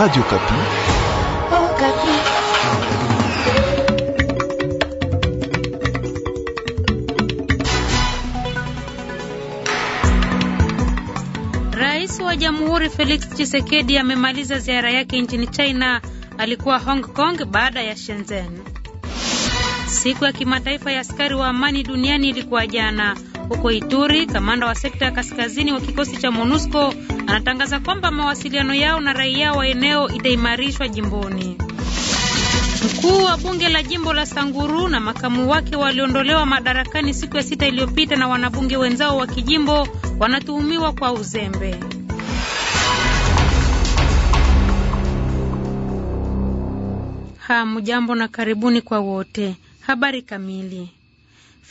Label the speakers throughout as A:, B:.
A: Radio Kapi.
B: Oh, Kapi.
C: Rais wa Jamhuri Felix Tshisekedi amemaliza ziara yake nchini China. Alikuwa Hong Kong baada ya Shenzhen. Siku ya kimataifa ya askari wa amani duniani ilikuwa jana. Huko Ituri, kamanda wa sekta ya kaskazini wa kikosi cha MONUSCO anatangaza kwamba mawasiliano yao na raia wa eneo itaimarishwa jimboni. Mkuu wa bunge la jimbo la Sanguru na makamu wake waliondolewa madarakani siku ya sita iliyopita na wanabunge wenzao wa kijimbo wanatuhumiwa kwa uzembe. Hamjambo na karibuni kwa wote. Habari kamili.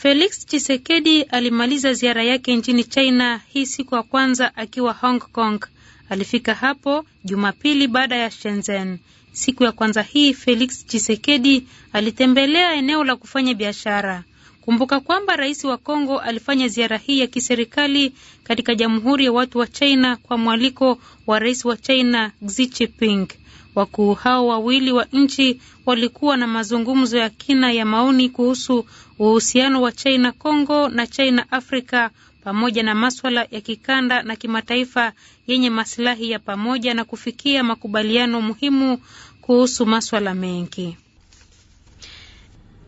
C: Felix chisekedi alimaliza ziara yake nchini China hii siku ya kwanza akiwa Hong Kong. Alifika hapo Jumapili baada ya Shenzhen. Siku ya kwanza hii Felix chisekedi alitembelea eneo la kufanya biashara. Kumbuka kwamba rais wa Kongo alifanya ziara hii ya kiserikali katika Jamhuri ya Watu wa China kwa mwaliko wa rais wa China Xi Jinping. Wakuu hao wawili wa nchi walikuwa na mazungumzo ya kina ya maoni kuhusu uhusiano wa China Congo na China Afrika pamoja na maswala ya kikanda na kimataifa yenye masilahi ya pamoja na kufikia makubaliano muhimu kuhusu maswala mengi.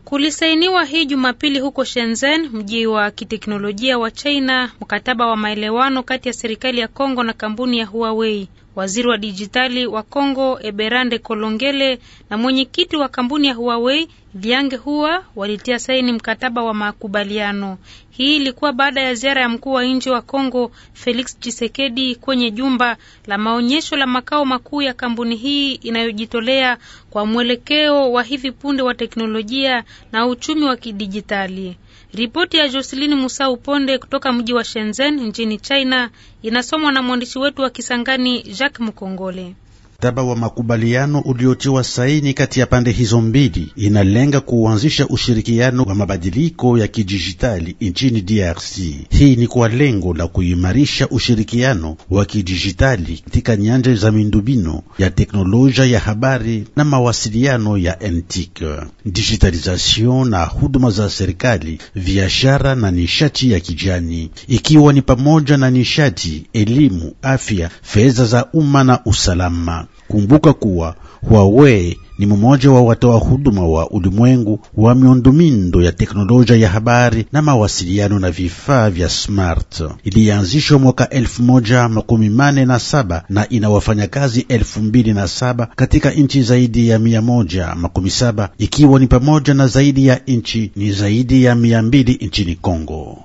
C: Kulisainiwa hii Jumapili huko Shenzhen, mji wa kiteknolojia wa China, mkataba wa maelewano kati ya serikali ya Kongo na kampuni ya Huawei waziri wa dijitali wa Kongo Eberande Kolongele na mwenyekiti wa kampuni ya Huawei Viange huwa walitia saini mkataba wa makubaliano. Hii ilikuwa baada ya ziara ya mkuu wa nchi wa Kongo Felix Tshisekedi kwenye jumba la maonyesho la makao makuu ya kampuni hii inayojitolea kwa mwelekeo wa hivi punde wa teknolojia na uchumi wa kidijitali. Ripoti ya Jocelyn Musau Ponde kutoka mji wa Shenzhen nchini China inasomwa na mwandishi wetu wa Kisangani Jacques Mukongole.
A: Mkataba wa makubaliano uliotiwa saini kati ya pande hizo mbili inalenga kuanzisha ushirikiano wa mabadiliko ya kidijitali nchini DRC. Hii ni kwa lengo la kuimarisha ushirikiano wa kidijitali katika nyanja za miundombinu ya teknolojia ya habari na mawasiliano ya NTIC, digitalization na huduma za serikali, biashara na nishati ya kijani, ikiwa ni pamoja na nishati, elimu, afya, fedha za umma na usalama. Kumbuka kuwa Huawei ni mmoja wa watoa huduma wa ulimwengu wa miundombinu ya teknolojia ya habari na mawasiliano na vifaa vya smart. Ilianzishwa mwaka elfu moja makumi mane na saba na ina wafanyakazi elfu mbili na saba katika nchi zaidi ya mia moja makumi saba ikiwa ni pamoja na zaidi ya nchi ni zaidi ya mia mbili nchini Kongo.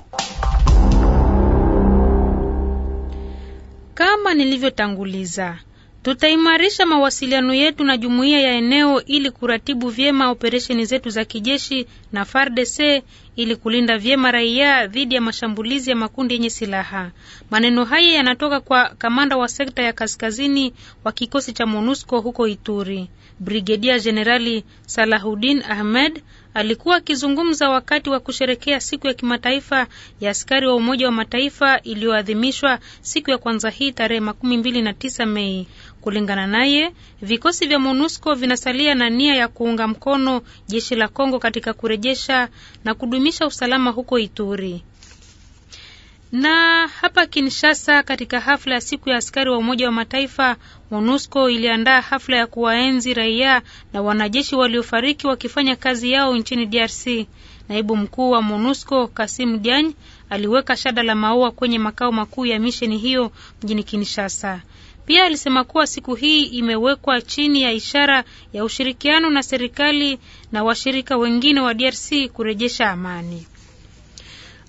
C: Kama nilivyotanguliza Tutaimarisha mawasiliano yetu na jumuiya ya eneo ili kuratibu vyema operesheni zetu za kijeshi na FARDC ili kulinda vyema raia dhidi ya mashambulizi ya makundi yenye silaha. Maneno haya yanatoka kwa kamanda wa sekta ya kaskazini wa kikosi cha MONUSCO huko Ituri, Brigedia Jenerali Salahudin Ahmed Alikuwa akizungumza wakati wa kusherekea siku ya kimataifa ya askari wa Umoja wa Mataifa iliyoadhimishwa siku ya kwanza hii tarehe makumi mbili na tisa Mei. Kulingana naye, vikosi vya MONUSCO vinasalia na nia ya kuunga mkono jeshi la Kongo katika kurejesha na kudumisha usalama huko Ituri. Na hapa Kinshasa, katika hafla ya siku ya askari wa Umoja wa Mataifa, MONUSCO iliandaa hafla ya kuwaenzi raia na wanajeshi waliofariki wakifanya kazi yao nchini DRC. Naibu mkuu wa MONUSCO Kasim Diagne aliweka shada la maua kwenye makao makuu ya misheni hiyo mjini Kinshasa. Pia alisema kuwa siku hii imewekwa chini ya ishara ya ushirikiano na serikali na washirika wengine wa DRC kurejesha amani.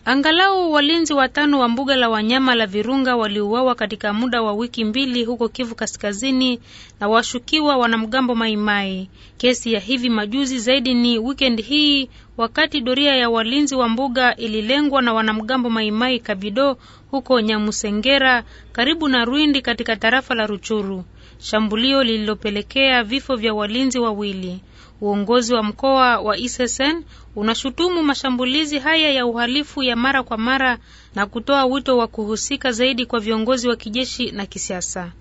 C: Angalau walinzi watano wa mbuga la wanyama la Virunga waliuawa katika muda wa wiki mbili huko Kivu Kaskazini na washukiwa wanamgambo Maimai. Kesi ya hivi majuzi zaidi ni weekend hii wakati doria ya walinzi wa mbuga ililengwa na wanamgambo Maimai Kabido huko Nyamusengera karibu na Rwindi katika tarafa la Ruchuru shambulio lililopelekea vifo vya walinzi wawili. Uongozi wa mkoa wa Isesen unashutumu mashambulizi haya ya uhalifu ya mara kwa mara na kutoa wito wa kuhusika zaidi kwa viongozi wa kijeshi na kisiasa.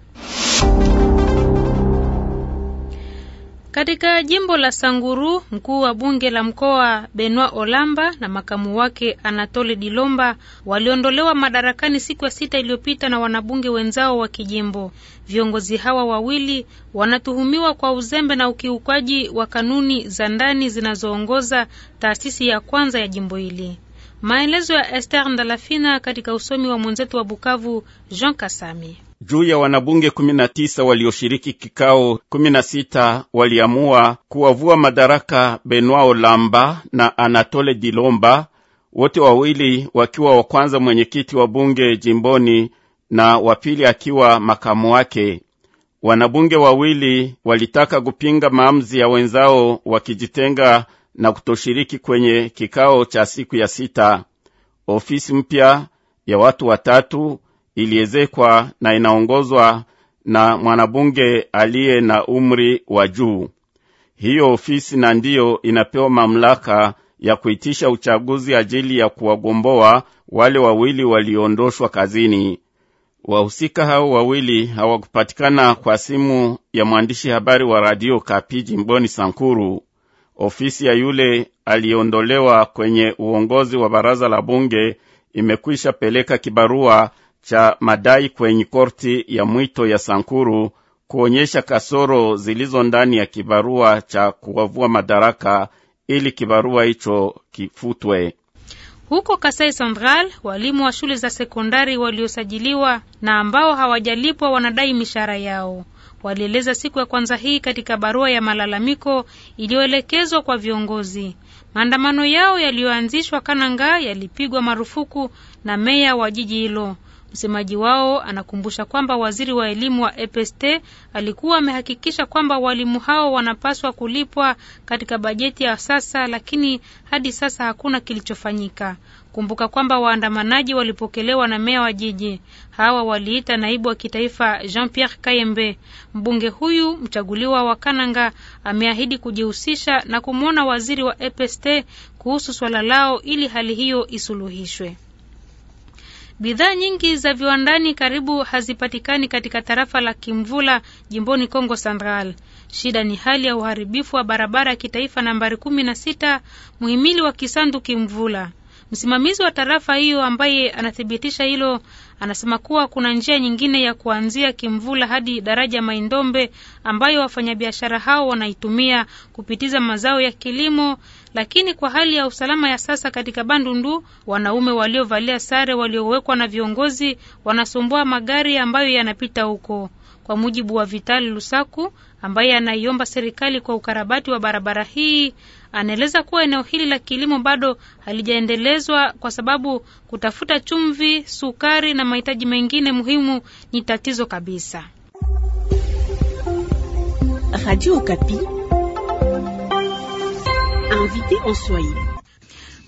C: Katika jimbo la Sanguru, mkuu wa bunge la mkoa Benoit Olamba na makamu wake Anatole Dilomba waliondolewa madarakani siku ya sita iliyopita na wanabunge wenzao wa kijimbo. Viongozi hawa wawili wanatuhumiwa kwa uzembe na ukiukwaji wa kanuni za ndani zinazoongoza taasisi ya kwanza ya jimbo hili. Maelezo ya Esther Ndalafina katika usomi wa mwenzetu wa Bukavu Jean Kasami
D: juu ya wanabunge 19 walioshiriki kikao 16 waliamua kuwavua madaraka Benoit Olamba na Anatole Dilomba, wote wawili wakiwa wa kwanza mwenyekiti wa bunge jimboni na wa pili akiwa makamu wake. Wanabunge wawili walitaka kupinga maamuzi ya wenzao wakijitenga na kutoshiriki kwenye kikao cha siku ya sita. Ofisi mpya ya watu watatu iliezekwa na inaongozwa na mwanabunge aliye na umri wa juu. Hiyo ofisi na ndiyo inapewa mamlaka ya kuitisha uchaguzi ajili ya kuwagomboa wale wawili waliondoshwa kazini. Wahusika hao wawili hawakupatikana kwa simu ya mwandishi habari wa radio Kapi jimboni Sankuru. Ofisi ya yule aliyeondolewa kwenye uongozi wa baraza la bunge imekwisha peleka kibarua cha madai kwenye korti ya mwito ya Sankuru kuonyesha kasoro zilizo ndani ya kibarua cha kuwavua madaraka ili kibarua hicho kifutwe.
C: Huko Kasai Central, walimu wa shule za sekondari waliosajiliwa na ambao hawajalipwa wanadai mishahara yao. Walieleza siku ya kwanza hii katika barua ya malalamiko iliyoelekezwa kwa viongozi. Maandamano yao yaliyoanzishwa Kananga yalipigwa marufuku na meya wa jiji hilo. Msemaji wao anakumbusha kwamba waziri wa elimu wa EPST alikuwa amehakikisha kwamba walimu hao wanapaswa kulipwa katika bajeti ya sasa, lakini hadi sasa hakuna kilichofanyika. Kumbuka kwamba waandamanaji walipokelewa na meya wa jiji. Hawa waliita naibu wa kitaifa Jean Pierre Kayembe. Mbunge huyu mchaguliwa wa Kananga ameahidi kujihusisha na kumwona waziri wa EPST kuhusu swala lao ili hali hiyo isuluhishwe. Bidhaa nyingi za viwandani karibu hazipatikani katika tarafa la Kimvula jimboni Kongo Central. Shida ni hali ya uharibifu wa barabara ya kitaifa nambari kumi na sita muhimili wa kisandu Kimvula. Msimamizi wa tarafa hiyo ambaye anathibitisha hilo anasema kuwa kuna njia nyingine ya kuanzia Kimvula hadi daraja Maindombe ambayo wafanyabiashara hao wanaitumia kupitiza mazao ya kilimo lakini kwa hali ya usalama ya sasa katika Bandundu, wanaume waliovalia sare waliowekwa na viongozi wanasumbua magari ambayo yanapita huko. Kwa mujibu wa Vitali Lusaku ambaye anaiomba serikali kwa ukarabati wa barabara hii, anaeleza kuwa eneo hili la kilimo bado halijaendelezwa kwa sababu kutafuta chumvi, sukari na mahitaji mengine muhimu ni tatizo kabisa. Radio invité en Swahili.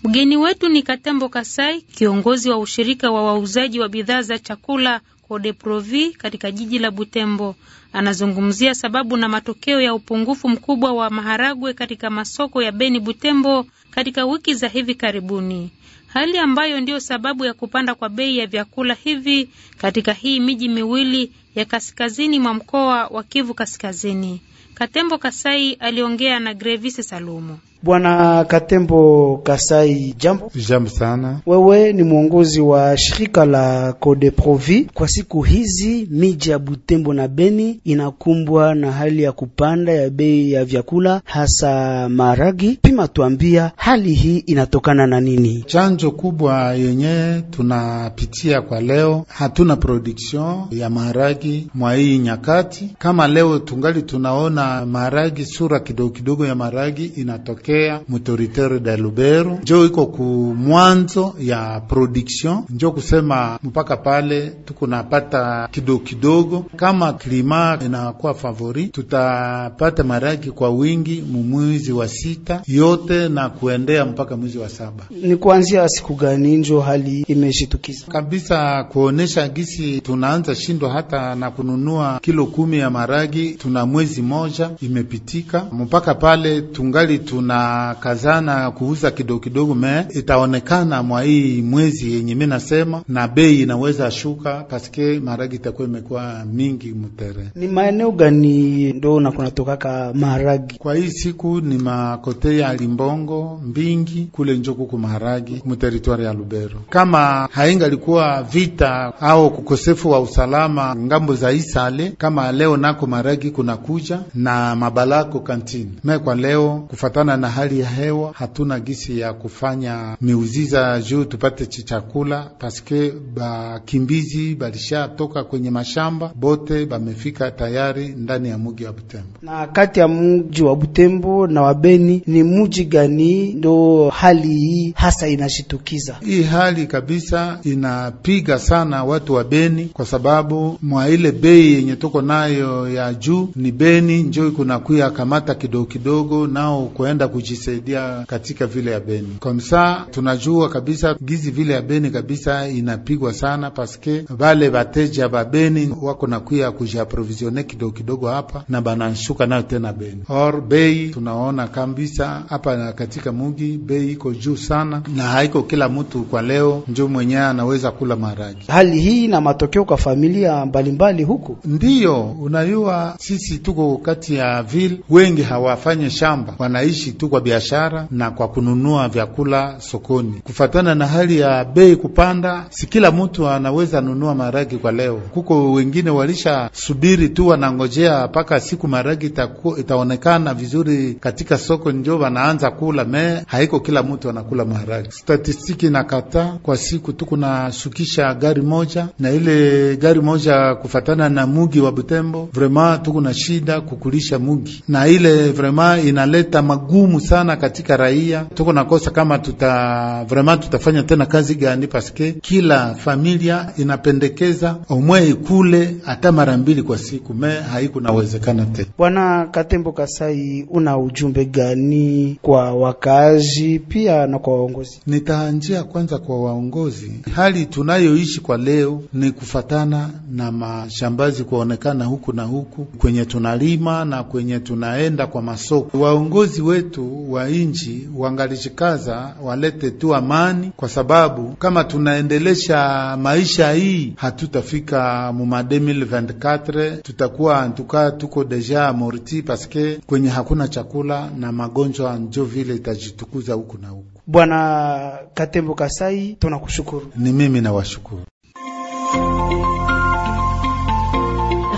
C: Mgeni wetu ni Katembo Kasai, kiongozi wa ushirika wa wauzaji wa bidhaa za chakula deprovi katika jiji la Butembo. Anazungumzia sababu na matokeo ya upungufu mkubwa wa maharagwe katika masoko ya Beni Butembo katika wiki za hivi karibuni, hali ambayo ndiyo sababu ya kupanda kwa bei ya vyakula hivi katika hii miji miwili ya kaskazini mwa mkoa wa Kivu Kaskazini. Katembo Kasai aliongea na grevis Salumo.
B: Bwana Katembo Kasai, jambo. Jambo sana. Wewe ni mwongozi wa shirika la Code Provi. Kwa siku hizi miji ya Butembo na Beni inakumbwa na hali ya kupanda ya bei ya vyakula hasa maragi. Pima
E: tuambia hali hii inatokana na nini? Chanjo kubwa yenye tunapitia kwa leo, hatuna production ya maragi mwa hii nyakati. Kama leo tungali tunaona maragi, sura kidogo kidogo ya maragi inatokea tokea mutoritere da Lubero njo iko ku mwanzo ya production, njo kusema mpaka pale tukunapata kidogo kidogo. Kama klima inakuwa favori, tutapata maraki kwa wingi mumwizi wa sita yote na kuendea mpaka mwizi wa saba. Ni kuanzia siku gani njo hali imeshitukiza kabisa kuonesha gisi tunaanza shindwa hata na kununua kilo kumi ya maragi, tuna mwezi moja imepitika mpaka pale tungali tuna kazana kuuza kidogo kidogo, me itaonekana mwa hii mwezi yenye mimi nasema, na bei inaweza shuka paske maragi itakuwa imekuwa mingi mutere. Ni maeneo gani ndo nakunatokaka maragi kwa hii siku? Ni makote ya Limbongo mbingi kule njokuku maharagi muteritwari ya Lubero. Kama likuwa vita au kukosefu wa usalama ngambo za Isale, kama leo nako maragi kunakuja na mabalako kantini me kwa leo kufatana na hali ya hewa, hatuna gisi ya kufanya miuziza juu tupate chakula, paske bakimbizi balishatoka kwenye mashamba, bote bamefika tayari ndani ya muji wa Butembo.
B: Na kati ya muji wa Butembo na Wabeni ni muji gani ndo hali hii hasa inashitukiza?
E: Hii hali kabisa inapiga sana watu wa Beni kwa sababu mwa ile bei yenye tuko nayo ya juu, ni Beni njo kunakuya kamata kidogo kidogo, nao kuenda kujisaidia katika vile ya Beni komsa, tunajua kabisa gizi vile ya Beni kabisa inapigwa sana, paske vale vateja ba Beni wako nakuya kujiaprovisione kidogo kidogo hapa na banashuka nayo tena Beni or bei, tunaona kabisa hapa katika mugi bei iko juu sana, na haiko kila mtu kwa leo njo mwenye anaweza kula maragi.
B: Hali hii na matokeo kwa familia mbalimbali huku, ndiyo
E: unayua sisi tuko kati ya vile wengi hawafanye shamba, wanaishi tu tu kwa biashara na kwa kununua vyakula sokoni. Kufatana na hali ya bei kupanda, si kila mtu anaweza nunua maragi kwa leo. Kuko wengine walisha subiri tu, wanangojea mpaka siku maragi itaku, itaonekana vizuri katika soko njo wanaanza kula. Me haiko kila mtu anakula maragi. Statistiki na kata kwa siku tu kunashukisha gari moja na ile gari moja kufatana na mugi wa Butembo, vrema tukuna shida kukulisha mugi na ile vrema inaleta magumu muhimu sana katika raia. Tuko nakosa kama tuta vraiment tutafanya tena kazi gani, paske kila familia inapendekeza omwe ikule hata mara mbili kwa siku, me haikunawezekana tena.
B: Bwana Katembo Kasai, una ujumbe gani kwa
E: wakazi pia na kwa waongozi? Nitaanjia kwanza kwa waongozi. Hali tunayoishi kwa leo ni kufatana na mashambazi kuonekana huku na huku kwenye tunalima na kwenye tunaenda kwa masoko. Waongozi wetu wetu wa inchi wangalichikaza walete tu amani, kwa sababu kama tunaendelesha maisha hii hatutafika muma 2024 tutakuwa antuka tuko deja morti, paske kwenye hakuna chakula na magonjwa njo vile itajitukuza huku na huku. Bwana Katembo Kasai, tunakushukuru. Ni mimi nawashukuru.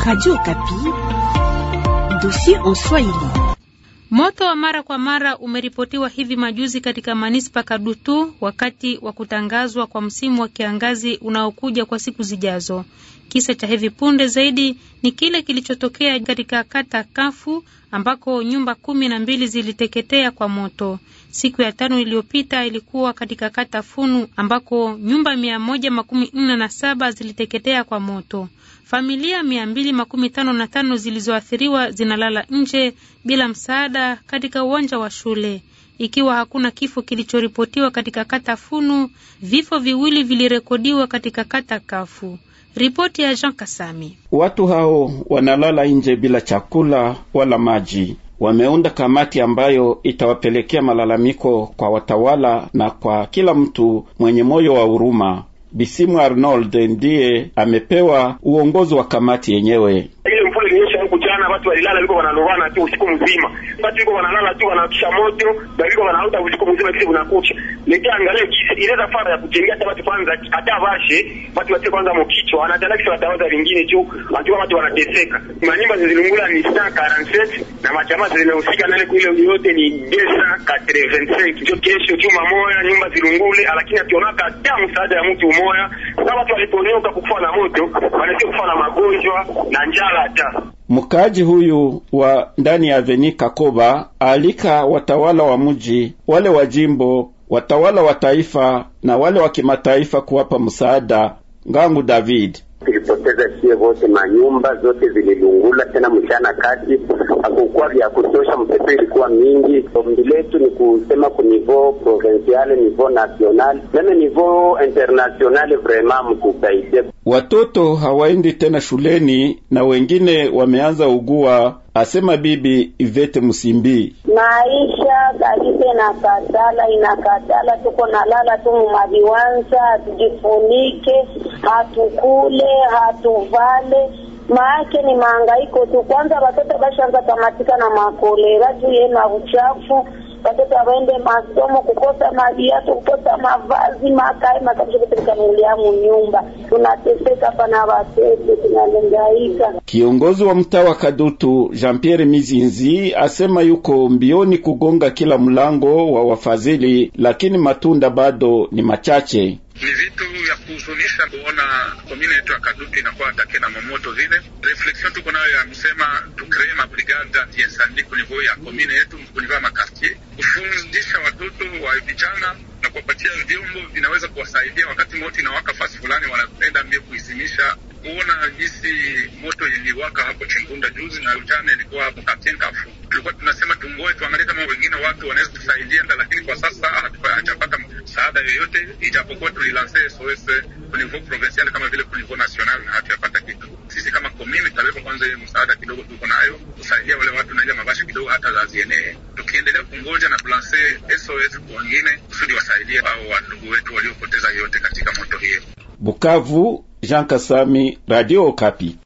C: Radio Kapi, dossier en Swahili. Moto wa mara kwa mara umeripotiwa hivi majuzi katika manispa Kadutu wakati wa kutangazwa kwa msimu wa kiangazi unaokuja kwa siku zijazo. Kisa cha hivi punde zaidi ni kile kilichotokea katika kata Kafu ambako nyumba kumi na mbili ziliteketea kwa moto. Siku ya tano iliyopita ilikuwa katika kata Funu ambako nyumba mia moja makumi nne na saba ziliteketea kwa moto. Familia mia mbili makumi tano na tano zilizoathiriwa zinalala nje bila msaada katika uwanja wa shule. Ikiwa hakuna kifo kilichoripotiwa katika kata Funu, vifo viwili vilirekodiwa katika kata Kafu. Ripoti ya Jean Kasami.
D: Watu hao wanalala nje bila chakula wala maji. Wameunda kamati ambayo itawapelekea malalamiko kwa watawala na kwa kila mtu mwenye moyo wa huruma. Bisimu Arnold ndiye amepewa uongozi wa kamati yenyewe. Ile mvula ilinyesha huku jana, watu walilala, liko wanalovana tu usiku mzima, watu liko wanalala tu, wanakisha moto, baliko wanaota usiku mzima, kisi unakucha Nikia angalia kisi ile safari ya kutengia hata watu kwanza, hata washe watu watie kwanza mokicho wanataka kisha watawaza vingine tu, watu watu wanateseka. Manyumba zilizungula ni 147 na machama zilihusika nane kule yote ni 285 ndio kesho chuma moya nyumba zilungule, lakini ationaka hata msaada ya mtu umoya. Sasa watu waliponyoka kukufa na moto, wanataka kufa na magonjwa na njala hata Mkaaji huyu wa ndani ya Veni Kakoba alika watawala wa mji wale wa jimbo watawala wa taifa na wale wa kimataifa kuwapa msaada. Ngangu David tulipoteza sie wote, manyumba zote zililungula, tena mchana kati hakukuwa vya kutosha, mpepe ilikuwa mingi. Ombi letu ni kusema
B: ku niveau provincial, niveau national, meme niveau international, vraiment
D: mkusaidia Watoto hawaendi tena shuleni na wengine wameanza ugua, asema bibi Ivete Musimbi.
B: Maisha kabisa inakatala, inakatala, tuko nalala tu mumaviwanza hatujifunike, hatukule, hatuvale maake ni maangaiko tu. Kwanza watoto bashaanza kamatika na makolera juu yena uchafu watoto waende masomo, kukosa maviatu, kukosa mavazi, makae makabisha, kupeleka muliamu nyumba. Tunateseka pana watete, tunalengaika.
D: Kiongozi wa mtaa wa Kadutu Jean Pierre Mizinzi asema yuko mbioni kugonga kila mlango wa wafadhili, lakini matunda bado ni machache. Ni vitu ya kuhuzunisha kuona komini yetu ya Kadutu inakuwa atake na mamoto vile. Reflexion tuko nayo ya msema tukree mabrigada ya sandi kunivou ya komine yetu kunivaa makartier, kufundisha watoto wa vijana na kuwapatia vyombo vinaweza kuwasaidia wakati moto inawaka fasi fulani, wanaenda mbio kuizimisha kuona jinsi moto iliwaka hapo Chingunda juzi na uchane ilikuwa hapo Katenkafu. Tulikuwa tunasema tungoe tuangalie kama wengine watu wanaweza kusaidia, lakini kwa sasa hatujapata msaada yoyote, ijapokuwa tulilanse SOS kunivo provincial kama vile kunivo national na hatujapata kitu. Sisi kama komini tutaweka kwanza ile msaada kidogo tuko nayo kusaidia wale watu na ile mabasha kidogo hata za zienee, tukiendelea kungoja na tulanse SOS kwa wengine kusudi wasaidie au wandugu wetu waliopoteza yote katika moto hiyo. Bukavu Jean Kasami, Radio Okapi.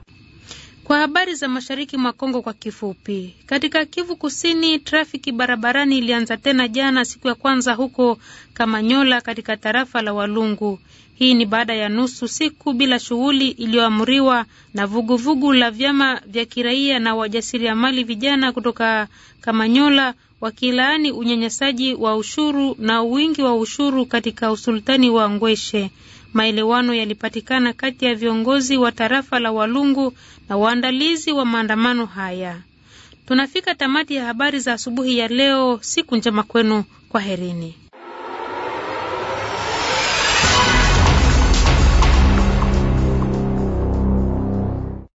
C: Kwa habari za mashariki mwa Kongo kwa kifupi, katika Kivu Kusini, trafiki barabarani ilianza tena jana siku ya kwanza huko Kamanyola katika tarafa la Walungu. Hii ni baada ya nusu siku bila shughuli iliyoamriwa na vuguvugu vugu la vyama vya kiraia na wajasiriamali vijana kutoka Kamanyola wakilaani unyanyasaji wa ushuru na wingi wa ushuru katika usultani wa Ngweshe maelewano yalipatikana kati ya viongozi wa tarafa la Walungu na waandalizi wa maandamano haya. Tunafika tamati ya habari za asubuhi ya leo. Siku njema kwenu, kwaherini.